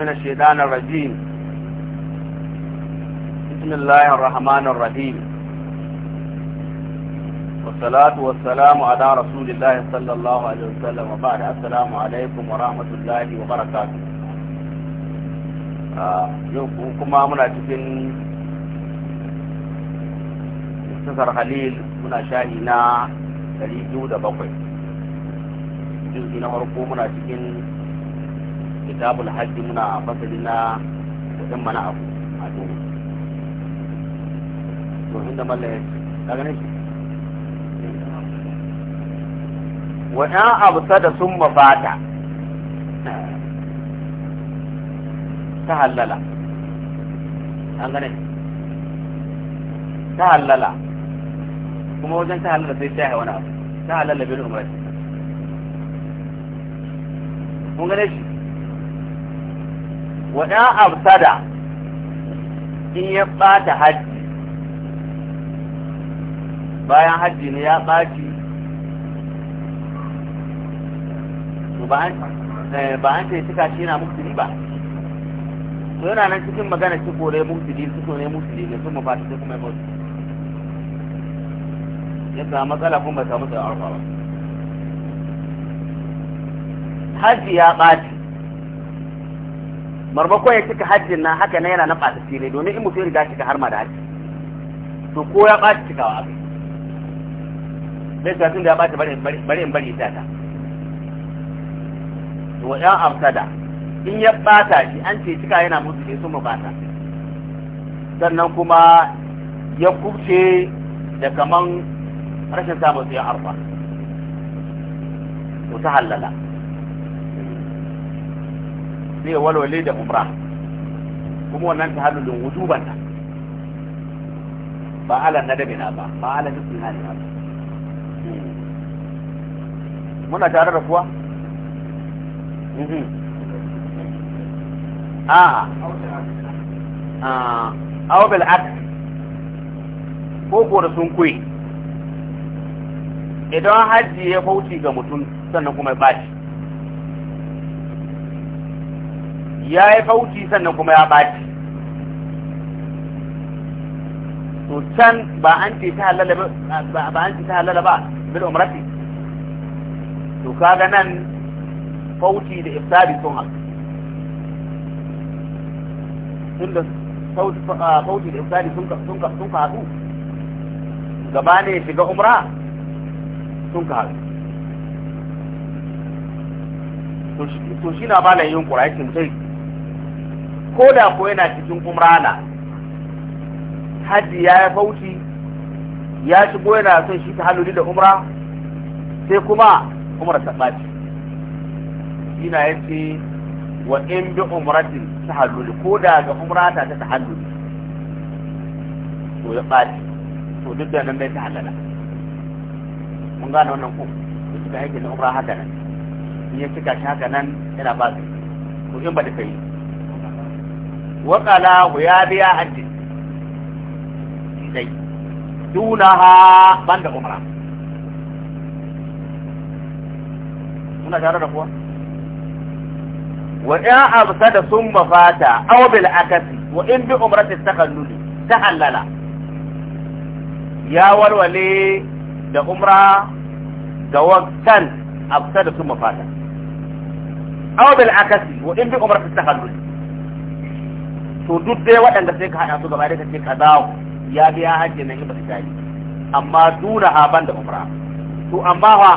من الشيطان الرجيم بسم الله الرحمن الرحيم والصلاة والسلام على رسول الله صلى الله عليه وسلم وبعد السلام عليكم ورحمة الله وبركاته kuma muna cikin sasar halil muna shahi na 207 jirgi na farko muna cikin kitabul hajji da sun mafata ta hallala an kuma wajen sai ta waɗa amsada in ya ɓata hajji bayan hajji ne ya ɓaci eh, ba an ce cika shi na musulmi ba to yana nan cikin magana ci kore musulmi su ne musulmi ne sun mafata sai kuma ya mutu ya samu matsala kuma bai samu tsaye arfa ba hajji ya ɓaci marmako ya cika hajjin na haka na yana na ɓata filai domin in mutum ya riga cika har ma da hajji to ko ya ɓata cikawa abu zai tuwa da ya ɓata bari in bari ita ta to ya amsada in ya ɓata shi an ce cika yana mutu ne sun mabata sannan kuma ya kubce da kaman rashin samun ya arfa to ta hallala. zai walwale da umra kuma wannan don wujuban ta ba ala nadabi na ba ba ala nufin hali na ba muna tare da kuwa mhm. a a bil ak ko ko da sun kuyi idan hajji ya fauci ga mutum sannan kuma ya bashi ya yi fauci sannan kuma ya ɓaci to can ba an ce ta halala ba ba an ce ta halala ba bil umrati to kaga nan fauti da ifsadi sun haka inda fauti fauti da ifsadi sun ka sun ka sun ka haɗu gaba ne shiga umra sun ka haɗu to shi na ba la yin ƙura yake mutai ko da ko yana cikin umrana hajji ya yi fauci ya shigo yana son shi ta haluli da umra sai kuma umar ta ɓaci ina ya ce wa in bi umratin ta haluli ko da ga umrata ta ta haluli to ya ɓaci to duk da nan bai ta halala mun gane wannan ko da suka haike na umra haka nan in ya cika shi haka nan yana ba su ko in ba da kai وقلا غيابي أنت زي دونها بند عمرة هنا جارة رفوة وإن أبصد ثم فاتا أو بالعكس وإن بعمرة استقلل تحلل يا ولولي da umra da wancan abu ta da su mafata. Awa bil akasi, to duk dai waɗanda sai ka haɗa su gaba da kace kaza ya biya hajji na ibada ta yi amma duna ha banda da umra to amma fa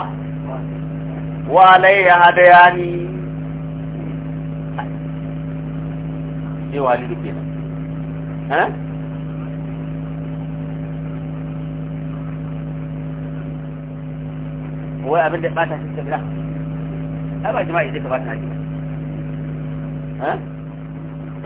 wa alayya hadayani ne walidu kenan ha eh? wai abin da bata shi ta gida ai ba jima'i zai ka bata shi ha eh?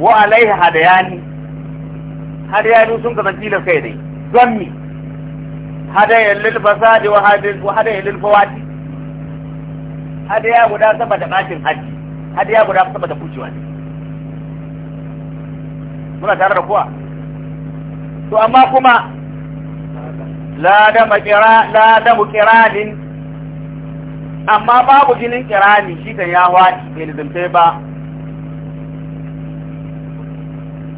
wa alaihi hadayani hadayani sun kaza tilas kai dai don mi hadayan lil fasadi wa hadayan lil fawati hadaya guda saba da bakin haji hadaya guda da kucewa ne muna tare da kuwa to amma kuma la da makira la da mukiranin amma babu jinin kirani shi kan ya wadi bai nizumtai ba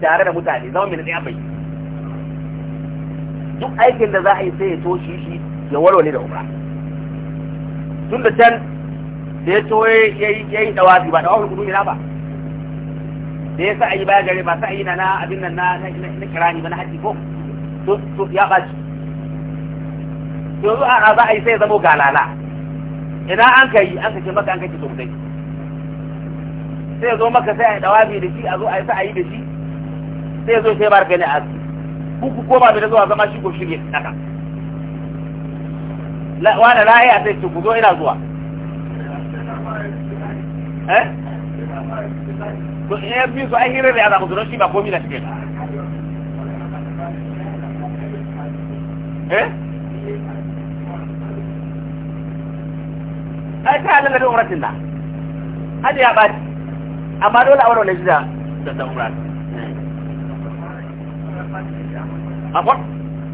tare da mutane zama mai tsaya bai duk aikin da za a yi sai ya toshi shi ya walwale da umra tun da can da ya toye ya yi ɗawafi, ba dawafin kudu ina ba da ya sa'ayi baya gare ba sa'ayi na na abin nan na kirani ba na haji ko to ya ɓaci yanzu a za a yi sai ya zama galala ina an ka yi an ka ce maka an ka ce sosai. sai ya zo maka sai a yi dawafi da shi a zo a yi sa'ayi da shi sai ya zo sai barka ne a aski ku ko ba da zuwa zama shi ko shirye tsaka la wala la ya sai ku zo ina zuwa eh ko eh bi so ai hire da ku zo shi ba komai da shi eh ai ta lalle da umratin da hadi ya ba amma dole a wannan da da umratin a fa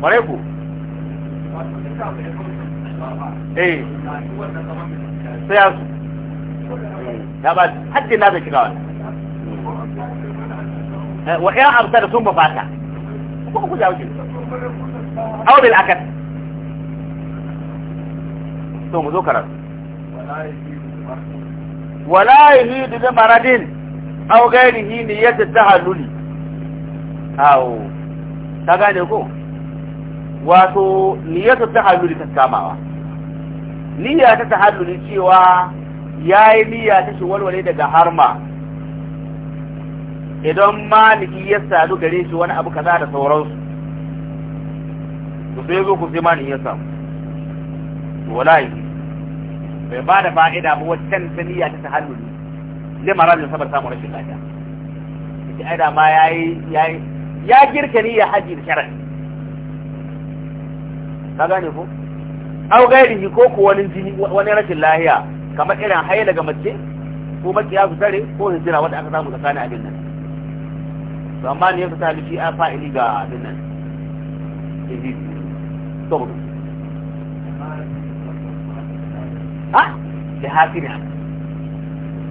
bare ku eh sai ya su ya ba na da shiga wani wa amsa da sun fata ko ku jawo shi aw bil akad to mu zo karatu wala yuhidu bi maradin aw ta niyyat tahalluli awo. ka gane ko wato niyyatu tahalluli ta kamawa niyya ta ta tahalluli cewa yayi niyya ta shi walwale daga harma idan maliki ya sadu gare shi wani abu kaza da sauransu ku sai zo ku sai niyya ya samu wallahi bai ba da fa'ida ba waccan ta niyya ta ne mara da sabar samu rashin lafiya ita aida ma yayi yayi ya girka ni ya hajji da ka gane ko au gairi ko ko wani jini wani rashin lahiya kamar irin haye daga mace ko makiya su tare ko jira wanda aka samu tsakanin abin nan to amma ne ya fita shi a fa'ili ga abin nan saboda ha da hasirin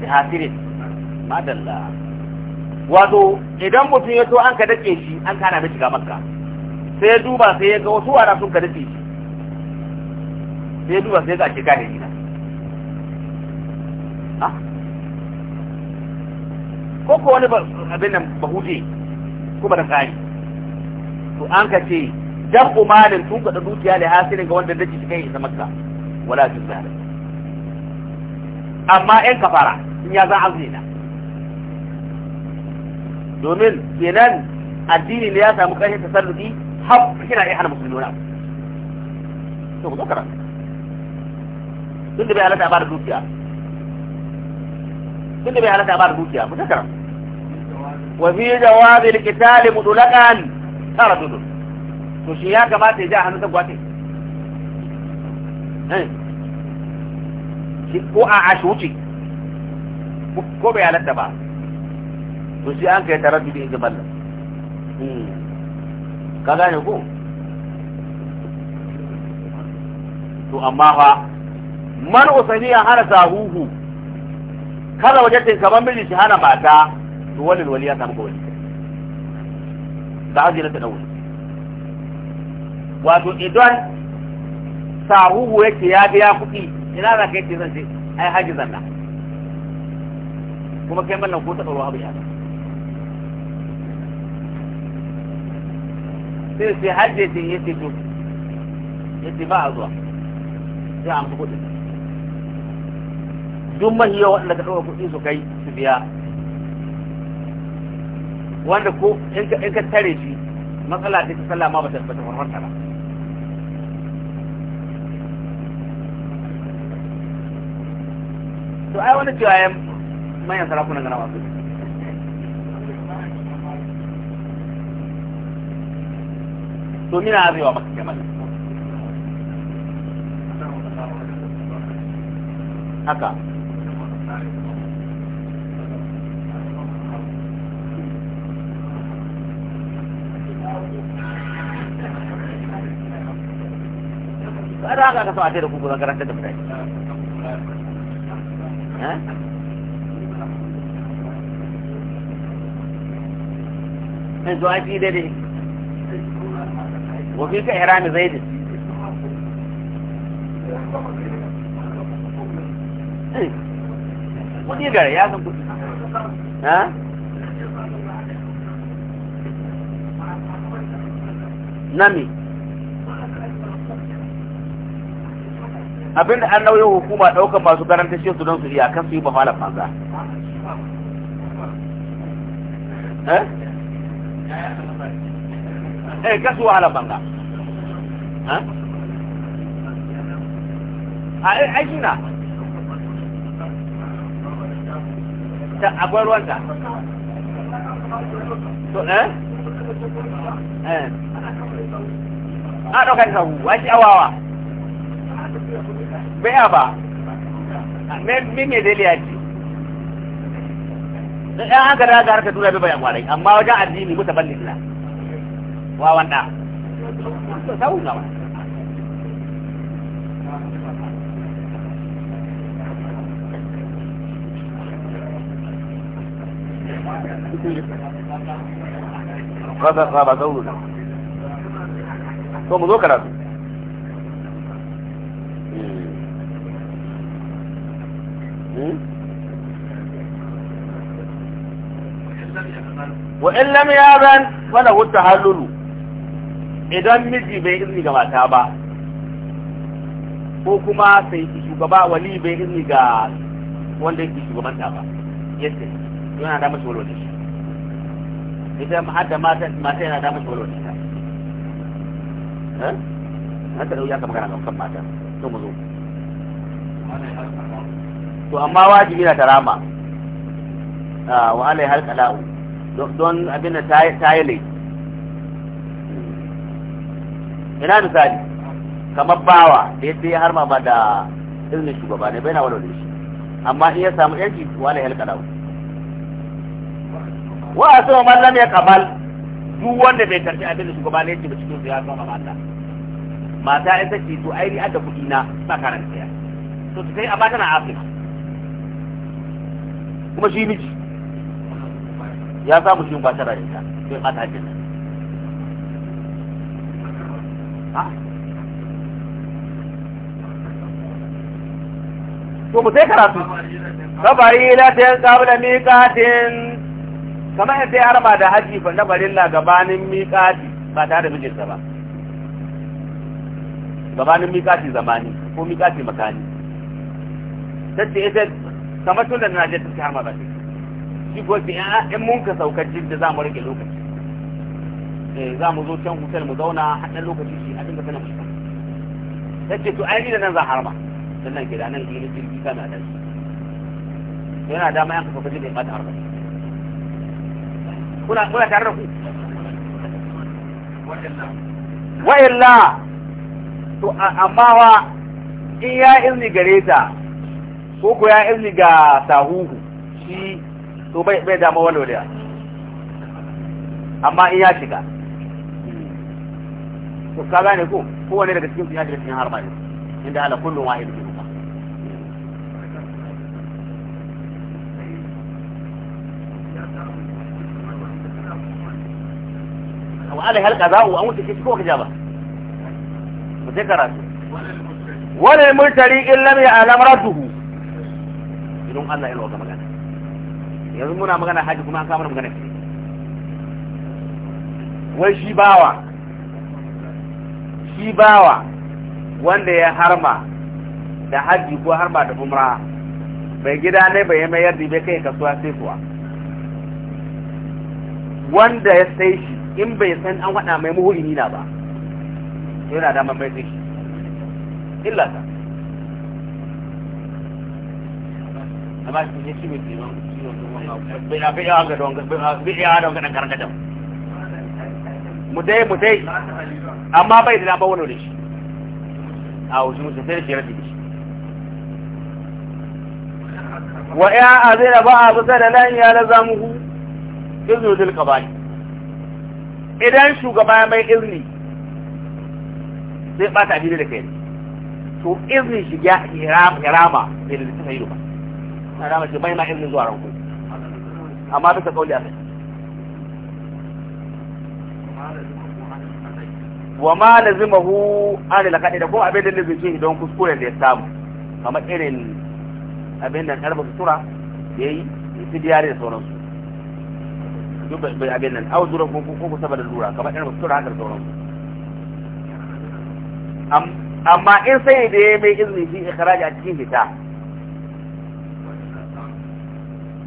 da hasirin madalla wato idan mutum ya so an ka dake shi an kana da shiga makka sai ya duba sai ya ga wasu wara sun ka dake shi sai ya duba sai ya ga shiga da gina ko ko wani abin nan ko kuma da kai to an ka ce dan umarin tun da dukiya da hasirin ga wanda daji kai isa makka wala jin zalim amma yan kafara in ya za azina domin kenan addini ne ya samu ƙarshen tasalluki har kina iya hana musulmi wani abu to ku zakara tun da bai halatta ba da dukiya tun da bai halatta ba da dukiya mu zakara wa fi jawabi alqitali mutlaqan tara dudu to shi ya kamata ya ja hannu ta gwate eh ko a ashuci ko bai halatta ba to sai an kai taraddudi in ji mallam hmm. ka gane ko to amma fa man ya hana sahuhu kada wajatin kaman miji shi hana mata to wani wali ya samu wali da ajira ta dawo wato idan sahuhu yake ya ya kuɗi ina za ka yi ce zan ce ai haji zanna kuma kai mallan ko ta ɗaura abu ya sai sai haddace ya ti do ya ti ba a zuwa a an fi kuɗi ma yi waɗanda ka ɗaura kuɗi su kai su biya wanda ko in ka tare shi matsala ta ta sallah ma ba ta ba ta farfarta ba to ai wani cewa ya manyan sarakunan gana masu domin a zai wa maka haka ba da haka ka sa da kuku zuwa eh? fi وفي fi ka ihrami zaid kudi gare ya san kudi ha nami abinda an nauyin hukuma ɗaukar masu garanta shi su don su iya kan su yi ba malam banza eh eh kasu wahala banga ha eh, ai ai kina ta ruwan ta to eh eh a ɗaukar sabu a ci awawa bai ba me me daily ya ce eh, ɗan an ka harka harkar duniya bai bayan kwarai amma wajen addini mutabalin na واوانا تساوي لوا قضا قضا دولو لوا وإن لم يأذن فله التحلل idan miji bai izini ga mata ba ko kuma sai shugaba wali bai izini ga wanda yake ta ba yadda yana da mashi walwale shi idan hada mata mata yana da mashi walwale eh? ta eh haka da ya ka magana kan mata to mu zo to amma wajibi na tarama ah, wa alai halqala don abin da tayi yi ta ina misali kamar bawa da yadda ya harma ba da izinin shugaba ne bai na walwale shi amma in ya samu yanki wa ya halka dawo wa a sama mallam ya kabal duk wanda bai karbi abin da shugaba ne yake ba cikin su ya sama mata mata ita ce to ai adda kuɗi na ba karanta ya to ta kai amma tana afirka kuma shi miji ya samu shi ba ta rayuwa sai ba ta hajjin to mu sai karatu ta latin kabla miƙatin kamar yadda ya harba da haji fa na barilla gabanin miƙati ba tare da mijinsa ba gabanin miƙati zamani ko miƙati makani ta ce ita kamar tun da na je ta harma ba shi ko ce in mun ka saukar jidda za mu rage lokaci Eh, za mu zo can hotel mu zauna har lokaci shi a dinga musu fuska ta ce to ainihin da nan za harma dan nan gida nan gini jirgi kana da shi yana da ma yanka ka fita da mata harba kuna kuna tare da ku wa illa to amma wa in ya izini gare ta ko ko ya izini ga sahuhu shi to bai dama dama walwala amma in ya shiga to ka gane ko kowane daga cikin su ya shiga cikin harba inda ala kullum wahid bi wa ala hal qada'u an wuce shi ko ka jaba sai karatu wala illa bi idan Allah ya lokaci magana yanzu muna magana haji kuma an kama magana wai shi bawa shi bawa wanda ya harma da hajji ko harma da umra bai gida ne bai yi mayar da bai kai kasuwa sai kuwa wanda ya sai shi in bai san an wada mai muhuri nina ba yana damar mai sai shi illa ta amma shi ne shi mai mu dai mu dai amma bai da ba wani da shi a wasu mutum sai da shi rafi da shi wa ya azina ba a fita da nan ya lazamuhu iznu dil qabali idan shugaba mai izini zai bata abin da kai to izini shi ya irama bai da ta yi ba na rama shi bai ma izini zuwa ranku amma bisa kauli a sai wa ma lazimahu an lakaɗe da ko abin da lazimce shi don kuskuren da ya samu kamar irin abin da karba sutura da yi su diyare da sauransu duk da bai abin nan au zura ko ko kusa da lura kamar irin sutura haka da sauransu amma in sai da ya mai izini shi ya ikhraji a cikin fita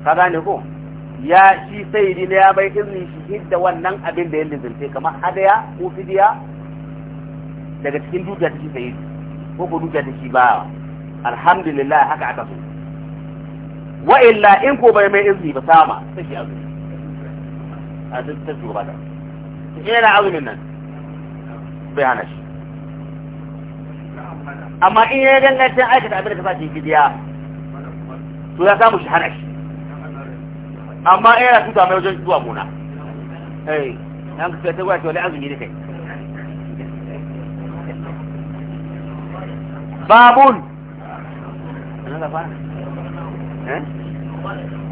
ka gane ko ya shi sayidi ne ya bai izini shi hidda wannan abin da ya lizince kamar hadaya ko fidiya daga cikin dukiya ta shi sayidi ko ko dukiya ta shi ba alhamdulillah haka aka so wa illa in ko bai mai izini ba sama sai shi azumi a duk ta shugaba da shi yana azumin nan bai hana shi amma in ya gangantar aikata abin da ka sa shi fidiya to ya samu shi hana shi amma yana tuta mai wajen zuwa muna eh an ka ta gwata wani azumi da kai babun